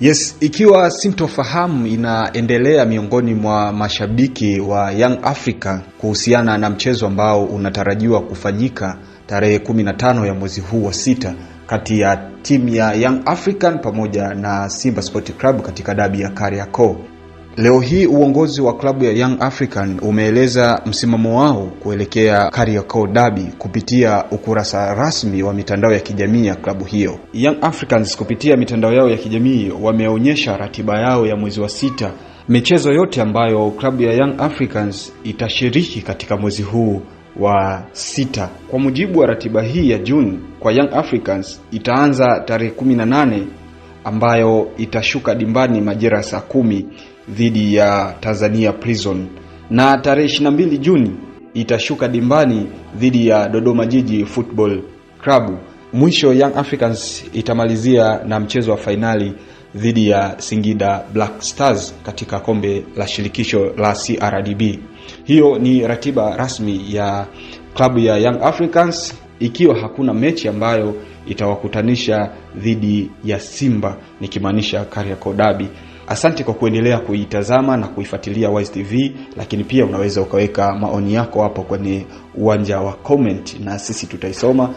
Yes, ikiwa sintofahamu inaendelea miongoni mwa mashabiki wa Young Africa kuhusiana na mchezo ambao unatarajiwa kufanyika tarehe 15 ya mwezi huu wa sita kati ya timu ya Young African pamoja na Simba Sport Club katika dabi ya Kariakoo. Leo hii uongozi wa klabu ya Young African umeeleza msimamo wao kuelekea Kariakoo Derby kupitia ukurasa rasmi wa mitandao ya kijamii ya klabu hiyo. Young Africans kupitia mitandao yao ya kijamii wameonyesha ratiba yao ya mwezi wa sita, michezo yote ambayo klabu ya Young Africans itashiriki katika mwezi huu wa sita. Kwa mujibu wa ratiba hii ya Juni kwa Young Africans itaanza tarehe 18 ambayo itashuka dimbani majira ya saa kumi dhidi ya Tanzania Prison, na tarehe 22 Juni itashuka dimbani dhidi ya Dodoma Jiji Football Club. Mwisho Young Africans itamalizia na mchezo wa fainali dhidi ya Singida Black Stars katika kombe la shirikisho la CRDB. Hiyo ni ratiba rasmi ya klabu ya Young Africans ikiwa hakuna mechi ambayo itawakutanisha dhidi ya Simba, nikimaanisha Kariakoo Derby. Asante kwa kuendelea kuitazama na kuifuatilia Wise TV, lakini pia unaweza ukaweka maoni yako hapo kwenye uwanja wa comment, na sisi tutaisoma